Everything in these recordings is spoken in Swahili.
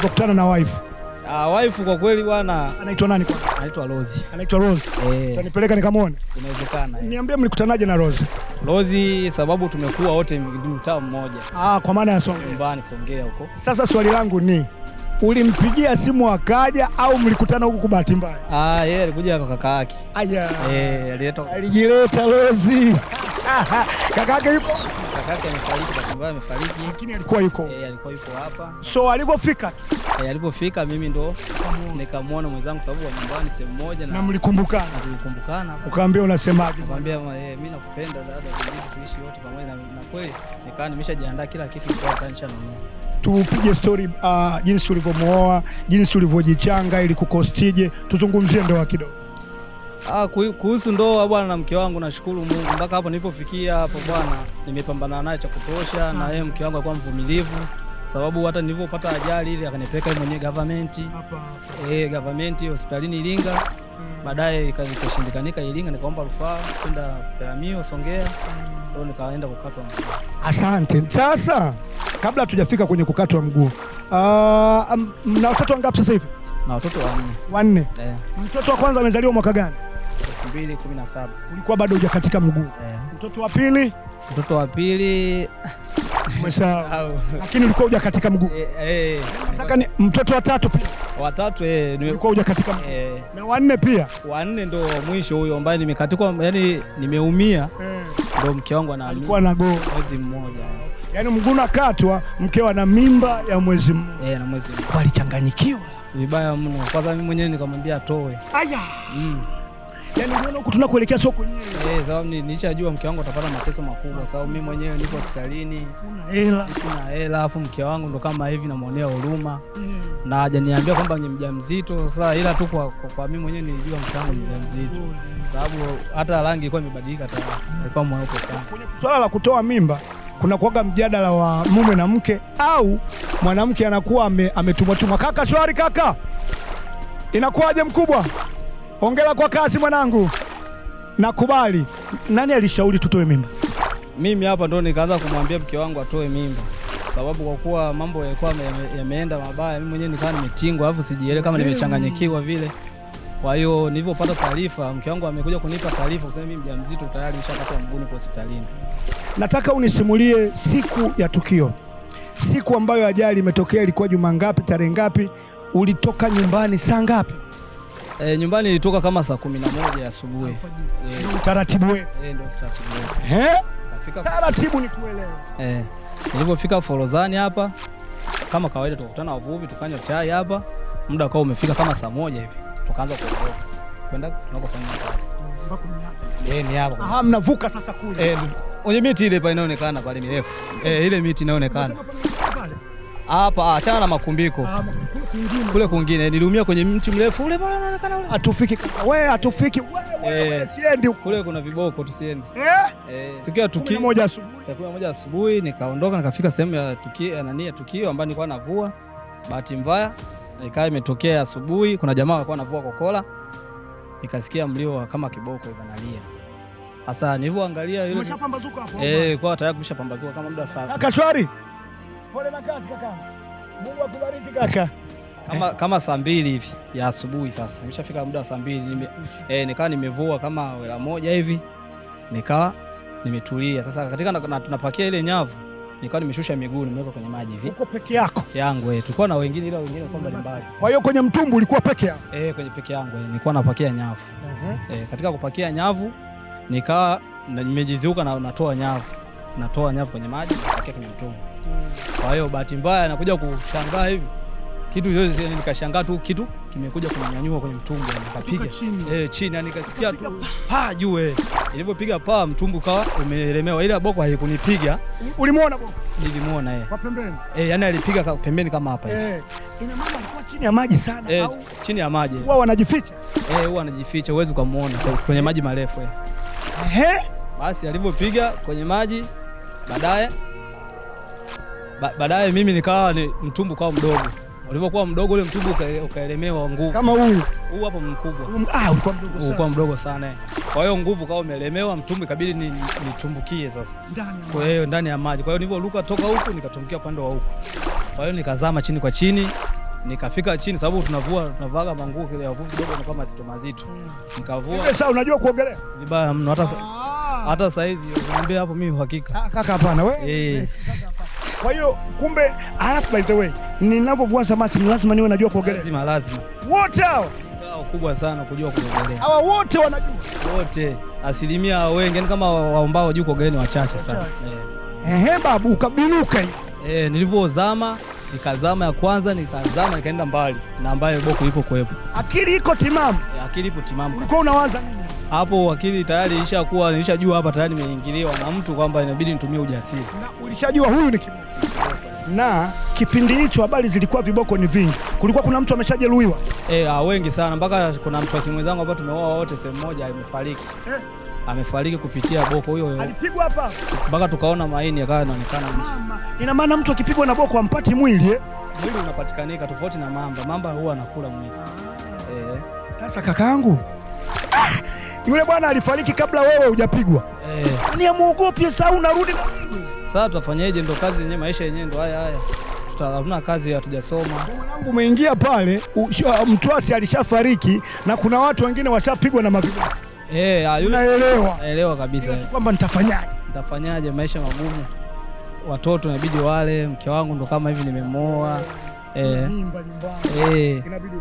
ukakutana na wife? Ah, wife kwa kweli bwana. Anaitwa nani kwa? Anaitwa Rose. Anaitwa Rose. Eh. Utanipeleka nikamwone? Inawezekana. Eh. Niambie mlikutanaje na Rose? Rose sababu tumekuwa wote mtaa mmoja. Ah, kwa maana ya Songea. Nyumbani Songea huko. Sasa swali langu ni ulimpigia simu akaja au mlikutana huko kwa bahati mbaya? Ah, yeye alikuja kwa kaka yake. Aya. Eh, alileta. Alijileta Rose. kakake yuko kakake yake amefariki, kwa sababu amefariki, lakini alikuwa yuko eh, alikuwa yuko hapa. So alipofika eh, alipofika mimi ndo nikamwona mwenzangu, sababu wa nyumbani sehemu moja, na mlikumbukana, tulikumbukana, ukaambia unasemaje? Nikamwambia eh, mimi nakupenda dada, tuishi wote pamoja, na kweli nikaa nimeshajiandaa kila kitu kwa kanisha na Mungu tupige stori uh, ah, jinsi ulivyomwoa, jinsi ulivyojichanga ili kukostije, tuzungumzie ndoa kidogo. Ah, kuhusu ndoa bwana na mke wangu nashukuru Mungu mpaka hapo nilipofikia hapo bwana nimepambana naye cha kutosha na yeye mke wangu alikuwa mvumilivu sababu hata nilipopata ajali ile akanipeka mwenye government eh, government hospitalini Ilinga mm. baadaye ikashindikanika Ilinga, nikaomba rufaa kwenda Peramiho Songea, ndio mm. nikaenda kukatwa mguu. Asante. Sasa kabla tujafika kwenye kukatwa mguu, ah, na watoto wangapi sasa hivi? na watoto wanne. Wanne. Eh. Mtoto wa kwanza amezaliwa mwaka gani? 2017. Ulikuwa bado hujakatika mguu yeah. Mtoto wa pili, mtoto wa pili umesahau, lakini ulikuwa hujakatika mguu eh, eh, Nataka ni mtoto wa tatu pia, wa tatu eh, nilikuwa hujakatika mguu eh. Na wanne pia, wanne ndo mwisho huyo ambaye nimekatikwa, yani nimeumia eh. Ndo mke wangu alikuwa na go mwezi mmoja yaani mguu nakatwa, mkeo ana mimba ya mwezi mmoja eh, na mwezi mmoja. Walichanganyikiwa vibaya mno, kwanza mimi mwenyewe nikamwambia atoe. Aya. Mm. Yaani unaona huku tunakuelekea sio kwenyewe. Eh, mke wangu atapata mateso makubwa sababu mimi mwenyewe niko hospitalini. Hela. Sina hela afu mke wangu ndo kama hivi namuonea huruma. Mm. Na hajaniambia kwamba ni mjamzito sasa ila tu kwa, kwa mimi mwenyewe nilijua mke wangu ni mjamzito. Sababu hata rangi ilikuwa imebadilika hata alikuwa mweupe sana. Swala la kutoa mimba kuna kuwaga mjadala wa mume na mke au mwanamke anakuwa ametumwa tumwa, kaka shwari, kaka inakuwaje mkubwa? Hongera kwa kazi mwanangu. Nakubali. Nani alishauri tutoe mimba? Mimi hapa ndo nikaanza kumwambia mke wangu atoe mimba, sababu kwa kuwa mambo yalikuwa yameenda ya mabaya, mimi mwenyewe nikawa nimetingwa, alafu sijielewe kama nimechanganyikiwa vile. Kwa hiyo nilivyopata taarifa, mke wangu amekuja kunipa taarifa kusema mimi mjamzito tayari nishakata mguni kwa hospitalini. Nataka unisimulie siku ya tukio, siku ambayo ajali imetokea. Ilikuwa juma ngapi, tarehe ngapi, ulitoka nyumbani saa ngapi? E, nyumbani nilitoka kama saa 11 asubuhi. Eh. Taratibu wewe. Eh, ndio taratibu wewe. Eh? Kafika taratibu kuelewa. Eh. Nilipofika Forodhani hapa kama kawaida tukakutana wavuvi tukanywa chai hapa. Muda kwa umefika kama saa moja hivi. Tukaanza kuondoka. Kwenda tunakofanya kazi. Mpaka ni Eh, ni hapo. Aha, mnavuka sasa kule. Eh, kwenye miti ile pale inaonekana pale mirefu. Eh, ile miti inaonekana. Hapa ah, achana na makumbiko. Ah, kule kungine. Kule kwingine niliumia kwenye mti mrefu ule bwana anaonekana ule. Atufiki. Wewe atufiki. Wewe eh. siendi Kule kuna viboko tusiende. Eh? Eh. Tukiwa tukio moja asubuhi. Saa 11 asubuhi nikaondoka nikafika sehemu ya tukio nani ya tukio ambayo nilikuwa navua. Bahati mbaya nikawa imetokea asubuhi kuna jamaa alikuwa anavua kokola. Nikasikia mlio kama kiboko unalia. Sasa nilivyoangalia yule. Umeshapambazuka hapo. Eh, kwa tayari kumeshapambazuka kama muda sana. Kashwari. Pole na kazi kaka. Mungu akubariki kaka. Kama, kama saa mbili hivi ya asubuhi sasa nimeshafika muda wa saa mbili nime, eh, nikawa nimevua kama wela moja hivi nikawa nimetulia sasa, katika tunapakia ile nyavu nikawa nimeshusha miguu nimeweka kwenye maji hivi. Uko peke yako? Peke yangu eh, tulikuwa na wengine ila wengine kwa mbali mbali. Kwa hiyo kwenye mtumbu ulikuwa peke yako? Eh, kwenye peke yangu eh, nilikuwa napakia nyavu. Uh-huh. Eh, katika kupakia nyavu nikawa nimejiziuka na natoa nyavu natoa nyavu kwenye maji napakia kwenye mtungi. Kwa hiyo bahati mbaya nakuja kushangaa hivi kitu chochote, nikashangaa tu kitu kimekuja kunyanyua kwenye mtungi, nikapiga eh chini na nikasikia tu pa juu. Eh, ilivyopiga pa mtungi kawa umelemewa, ila boko haikunipiga. Ulimuona boko? Nilimuona eh, kwa pembeni eh, yani alipiga kwa pembeni kama hapa hivi eh. eh. Ina mama alikuwa chini ya maji sana eh, au chini ya maji huwa wanajificha eh, huwa anajificha, uwezo kumuona kwenye maji marefu eh. Ehe, basi alivyopiga kwenye maji baadaye baadaye mimi nikawa ni mtumbu kwa mdogo. Ulivyokuwa mdogo ule mtumbu ukaelemewa nguvu. Kama huu huu hapo mkubwa. Ah, ulikuwa mdogo sana. Ulikuwa mdogo sana. Kwa hiyo nguvu kawa umelemewa mtumbu, ikabidi ni sasa. Kwa hiyo ndani ya maji. Kwa hiyo niliporuka toka huku nikatumbukia upande wa huku. Kwa hiyo nikazama chini kwa chini nikafika chini, sababu tunavua tunavaga manguo kile ya vuvu kidogo kama mazito mazito, hmm. nikavua. Sasa unajua kuogelea? Ni baya mno hata hata sasa hivi niambia hapo, mimi uhakika kaka. Hapana wewe. Eh, eh. Kwa hiyo kumbe, alafu by the way, ninapovua samaki ni lazima niwe najua kuogelea. Lazima lazima. Wote hao kubwa sana kujua kuogelea. Hawa wote wanajua. Wote. Asilimia wengi, kama waombao wajua kuogelea ni wachache sana. Eh, eh babu ukabinuka. Eh, nilivyozama nikazama ya kwanza, nikazama nikaenda mbali na ambayo boko ipo kuwepo. Akili iko timamu. Eh, akili ipo timamu. Ulikuwa unawaza nini? hapo wakili tayari ilishakuwa nilishajua hapa tayari nimeingiliwa na mtu kwamba inabidi nitumie ujasiri. Na ulishajua huyu ni kiboko. Na kipindi hicho habari zilikuwa viboko ni vingi, kulikuwa kuna mtu ameshajeruhiwa eh, ah, wengi sana, mpaka kuna mtosi mwenzangu hapa tumeoa wote sehemu moja amefariki eh. Amefariki kupitia boko huyo, alipigwa hapa mpaka tukaona maini yakawa yanaonekana nje. Ina maana mtu akipigwa na boko ampati mwili eh? Mwili unapatikanika tofauti na mamba, mamba huwa anakula mwili ah. eh. Sasa kakaangu ah! Yule bwana alifariki kabla wewe hujapigwa. Yaani amuogopi sasa unarudi na Mungu. Sasa tutafanyaje? Ndo kazi yenyewe, maisha yenyewe ndo haya haya. Hatuna kazi, hatujasoma. Mwanangu umeingia pale, mtwasi alishafariki na kuna watu wengine washapigwa na mavibu. Eh, ah, unaelewa? Naelewa kabisa. Kwamba nitafanyaje? Nitafanyaje? Maisha magumu. Watoto inabidi wale, mke wangu ndo kama hivi nimemoa. Eh. Mimba nyumbani. Eh. Inabidi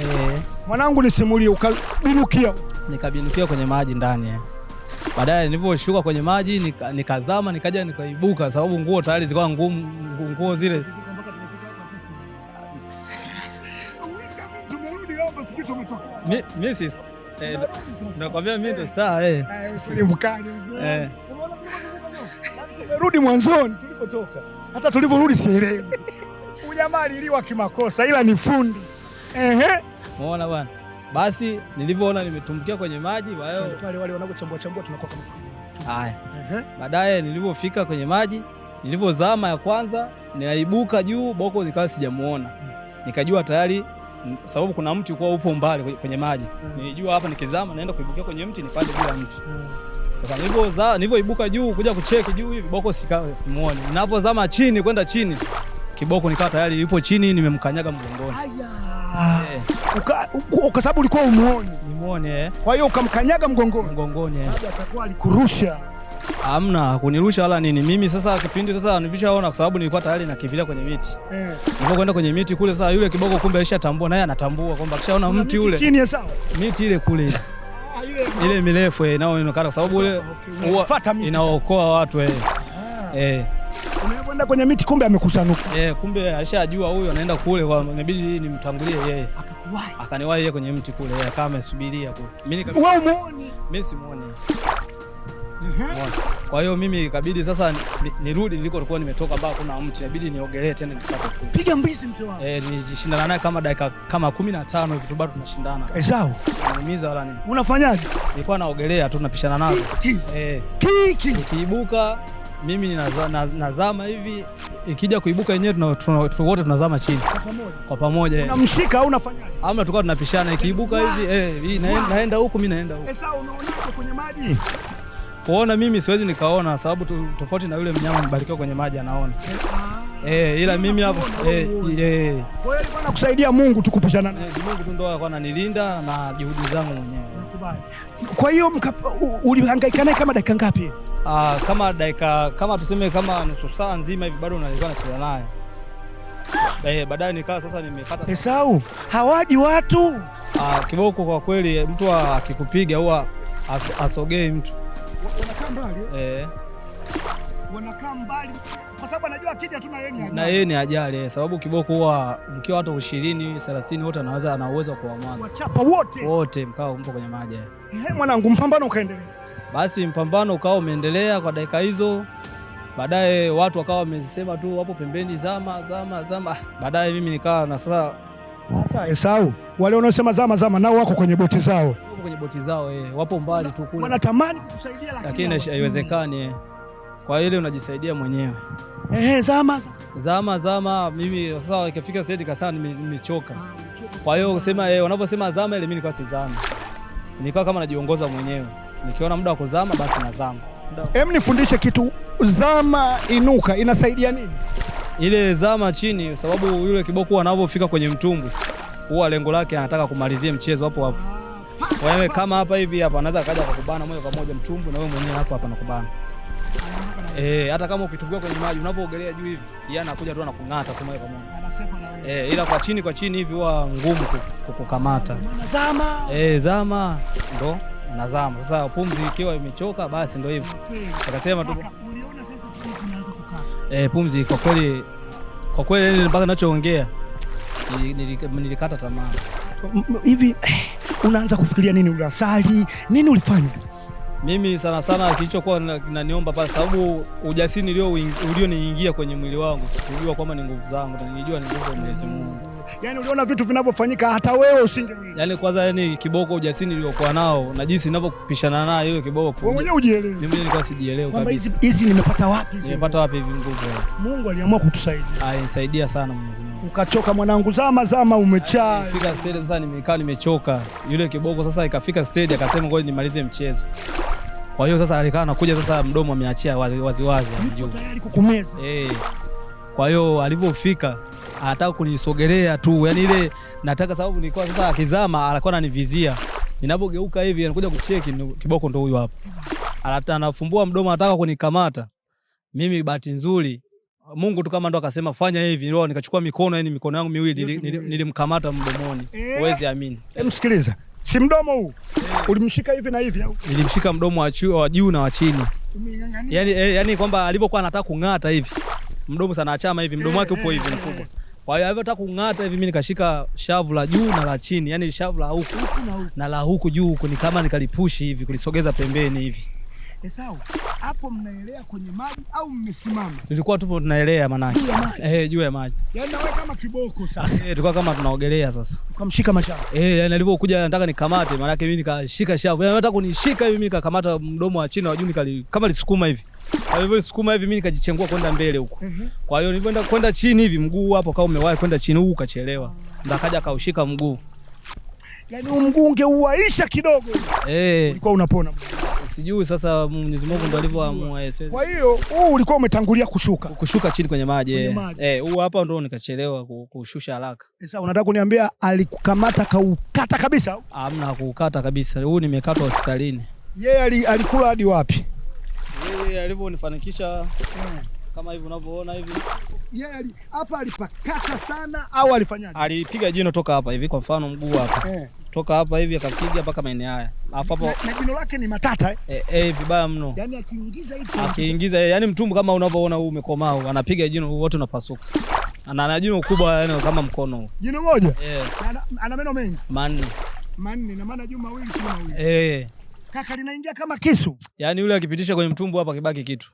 Eh. Mwanangu nisimulie ukabinukia nikabindukia kwenye maji ndani. Baadaye nilivyoshuka kwenye maji nikazama, nikaja nikaibuka, sababu nguo tayari zikawa ngumu, nguo zile eh, nakwambia mi ndo starudi eh. eh. mwanzoni tulipotoka. Hata tulivyorudi sielewi. Ujamaa liliwa kimakosa ila ni fundi. mona bana bwana? Basi nilivyoona nimetumbukia kwenye maji, wale wale wanakochambua chambua tunakuwa kama haya. Baadaye nilivyofika kwenye maji, nilivyozama ya kwanza, nilaibuka juu, boko nikawa sijamuona, nikajua tayari sababu kuna mti kwa upo mbali kwenye maji hmm. Nilijua hapa nikizama naenda kuibukia kwenye mti nipande bila mti hmm. sasa hmm. Nilivyoza nilivyoibuka juu kuja kucheki juu hivi boko sikawa simuoni, ninapozama chini kwenda chini kiboko nikawa tayari yupo chini, nimemkanyaga mgongoni kwa sababu ulikuwa umuoni, nimuone, eh. kwa hiyo ukamkanyaga mgongoni, mgongoni eh. atakuwa alikurusha. Amna kunirusha wala nini. Mimi sasa kipindi sasa nilishaona kwa sababu nilikuwa tayari nakimbilia kwenye miti. Eh. Nilikuwa kwenda kwenye miti kule sasa yule kiboko kumbe alishatambua naye anatambua kwamba akishaona mti ule. Chini ya sawa. Miti ile kule. Ah, ile mirefu eh, inaonekana kwa sababu ah, ule huwa inaokoa watu eh. Ah. Eh. Unaenda kwenye miti kumbe amekusanuka. Eh, kumbe alishajua huyo anaenda kule kwa inabidi nimtangulie yeye. Akakuwai. Akaniwahi yeye kwenye mti kule, yeye kama amesubiria kule. Mimi nikamwona. Wewe umeoni? Mimi simuoni. Kwa hiyo mimi ikabidi sasa nirudi niliko nilikuwa nimetoka, baa kuna mti, inabidi niogelee tena nipate kule. Piga mbizi mzee wangu. Eh, nilishindana naye kama dakika kama 15 hivi tu bado tunashindana. Esau. Eh, Animiza wala nini? Unafanyaje? Nilikuwa naogelea tu tunapishana nazo. Eh. Kiki. Kiibuka. Nikiibuka mimi nazama hivi, ikija kuibuka yenyewe wote tunazama chini kwa pamoja. Eh. Unamshika au unafanyaje? Amna, tukawa tunapishana, ikiibuka hivi eh, hii naenda huku, mimi naenda huku. Eh, Sasa unaonaje kwenye maji? Kuona mimi siwezi nikaona, sababu tofauti na yule mnyama mbarikiwa kwenye maji anaona eh, ah. eh ila mimi hapo eh, eh, kweli bwana, kusaidia Mungu tukupishana naye Mungu tu ndio ananilinda na juhudi zangu mwenyewe. Kwa hiyo ulihangaika naye kama dakika ngapi? Ah, kama dakika kama tuseme kama nusu saa nzima hivi bado unalikuwa nacheza naye eh, baadaye nikaa sasa nimekata. Esau, eh, hawaji watu. Ah, kiboko kwa kweli eh, mtu akikupiga huwa as, asogei mtu. Wanakaa mbali. Eh. Wanakaa mbali kwa sababu anajua akija tu na yeye ni ajali. Na yeye ni ajali eh, sababu kiboko huwa mkiwa watu 20, 30 wote anaweza ana uwezo wa kuamua. Wachapa wote. Wote mkao mpo kwenye maji. Eh, mwanangu mpambano ukaendelea. Basi mpambano ukawa umeendelea kwa dakika hizo, baadaye watu wakawa wamesema tu wapo pembeni, zama zama zama. Ah, baadaye mimi nikawa na sasa Esau, wale wanaosema zama zama nao wako kwenye boti zao, wapo kwenye boti zao eh, wapo mbali tu kule, wanatamani kusaidia lakini haiwezekani. Eh. Kwa ile unajisaidia mwenyewe eh, zama zama zama. Mimi sasa ikafika stage kasana, ah, nimechoka. Kwa hiyo kusema eh, wanaposema zama ile mimi nilikuwa si zama, nilikuwa kama najiongoza mwenyewe nikiona muda wa kuzama basi nazama. Hem, nifundishe kitu, zama inuka inasaidia nini? Ile zama chini, sababu yule kiboko anavyofika kwenye mtumbu huwa lengo lake anataka kumalizia mchezo hapo hapo. Wewe kama hapa hivi hapa anaweza kaja kukubana moja kwa moja mtumbu na wewe mwenyewe hapo hapa nakubana Eh, hata kama ukitumbua kwenye maji unapoogelea juu hivi, yeye anakuja tu anakung'ata kwa moja kwa moja. Eh, ila kwa chini kwa chini hivi huwa ngumu kukukamata. Zama. Eh, zama ndo nazama. Sasa pumzi ikiwa imechoka, basi ndio hivyo akasema tu eh, pumzi kwa kweli, kwa kweli mpaka ninachoongea nilikata tamaa hivi. Eh, unaanza kufikiria nini? Ulasali nini? Ulifanya mimi sana sana kilichokuwa naniomba pale, sababu ujasiri ulio ulioniingia kwenye mwili wangu, kujua kwamba ni nguvu zangu, nilijua ni nguvu za Mwenyezi Mungu yani uliona vitu vinavyofanyika hata wewe usingeamini. Yani kwanza, yani kiboko ujasini uliokuwa nao na jinsi ninavyopishana naye yule kiboko. Wewe mwenyewe ujielewe. Mimi nilikuwa sijielewi kabisa. Kwamba Hizi nimepata wapi? Nimepata wapi hivi nguvu? Mungu aliamua kutusaidia. Ah, nisaidia sana Mwenyezi Mungu. Ukachoka mwanangu, zama zama, umechaa. Fika stage sasa, nimekaa nimechoka. Yule kiboko sasa ikafika stage akasema ngoja nimalize mchezo. Kwa hiyo sasa alikaa anakuja sasa, mdomo ameachia waziwazi, tayari kukumeza. Eh. Kwa hiyo alivyofika anataka kunisogelea tu, yani ile nataka sababu nilikuwa sasa akizama alikuwa ananivizia. Ninapogeuka hivi anakuja kucheki kiboko ndo huyu hapa. Alata anafumbua mdomo anataka kunikamata. Mimi bahati nzuri Mungu tu kama ndo akasema fanya hivi, ndio nikachukua mikono yani mikono yangu miwili nilimkamata mdomoni. Eh. Uwezi amini. Hem, sikiliza. Si mdomo huu. Yeah. Ulimshika hivi na hivi au? Nilimshika mdomo wa juu wa juu na wa chini. Yaani, eh, yani kwamba alipokuwa anataka kung'ata hivi mdomo sana achama hivi mdomo wake upo hivi mkubwa. Kwa hiyo hivyo nataka kung'ata hivi mimi nikashika shavu la juu na la chini, yani shavu la huku na la huku juu huku ni kama nikalipushi hivi kulisogeza pembeni hivi. Esau, eh, hapo mnaelea kwenye maji au mmesimama? Tulikuwa tupo tunaelea manake. Eh, juu ya maji. Yaani wewe kama kiboko sasa. Eh, tulikuwa kama tunaogelea sasa. Ukamshika mashavu. Eh, yani alipokuja anataka nikamate, manake mimi nikashika shavu. Yaani nataka kunishika hivi mimi nikakamata mdomo wa chini wa juu nikali kama lisukuma hivi alivyosukuma hivi mimi nikajichengua kwenda mbele huko. Mhm. Kwa hiyo nilipoenda kwenda chini hivi mguu hapo kama umewahi kwenda chini huko kachelewa. Ndio akaja akaushika mguu. Yaani mguu ungeuaisha kidogo. Eh. Ulikuwa unapona. Sijui sasa Mwenyezi Mungu ndo alivyoamua Yesu. Eh, Kwa hiyo huu ulikuwa umetangulia kushuka. Kushuka chini kwenye maji. Eh, eh huu hapa ndo nikachelewa kushusha haraka. Eh, sasa unataka kuniambia alikukamata kaukata kabisa? Hamna kuukata kabisa. Huu nimekatwa hospitalini. Yeye alikula hadi wapi? jinsi alivyonifanikisha kama hivi unavyoona hivi. Yeye hapa alipakata sana au alifanyaje? Alipiga jino toka hapa hivi, kwa mfano mguu hapa eh, toka hapa hivi akapiga mpaka maeneo haya, alafu hapo na jino lake ni matata eh, eh, eh vibaya mno, yani akiingiza hivi akiingiza, yani mtumbo kama unavyoona huu umekomaa, anapiga jino wote unapasuka ana na jino kubwa yani kama mkono. Jino moja? Eh. Yeah. Ana meno mengi? Manne. Manne na maana juma mawili si mawili. Eh. Kaka linaingia kama kisu. Yaani yule akipitisha kwenye mtumbo hapa kibaki kitu.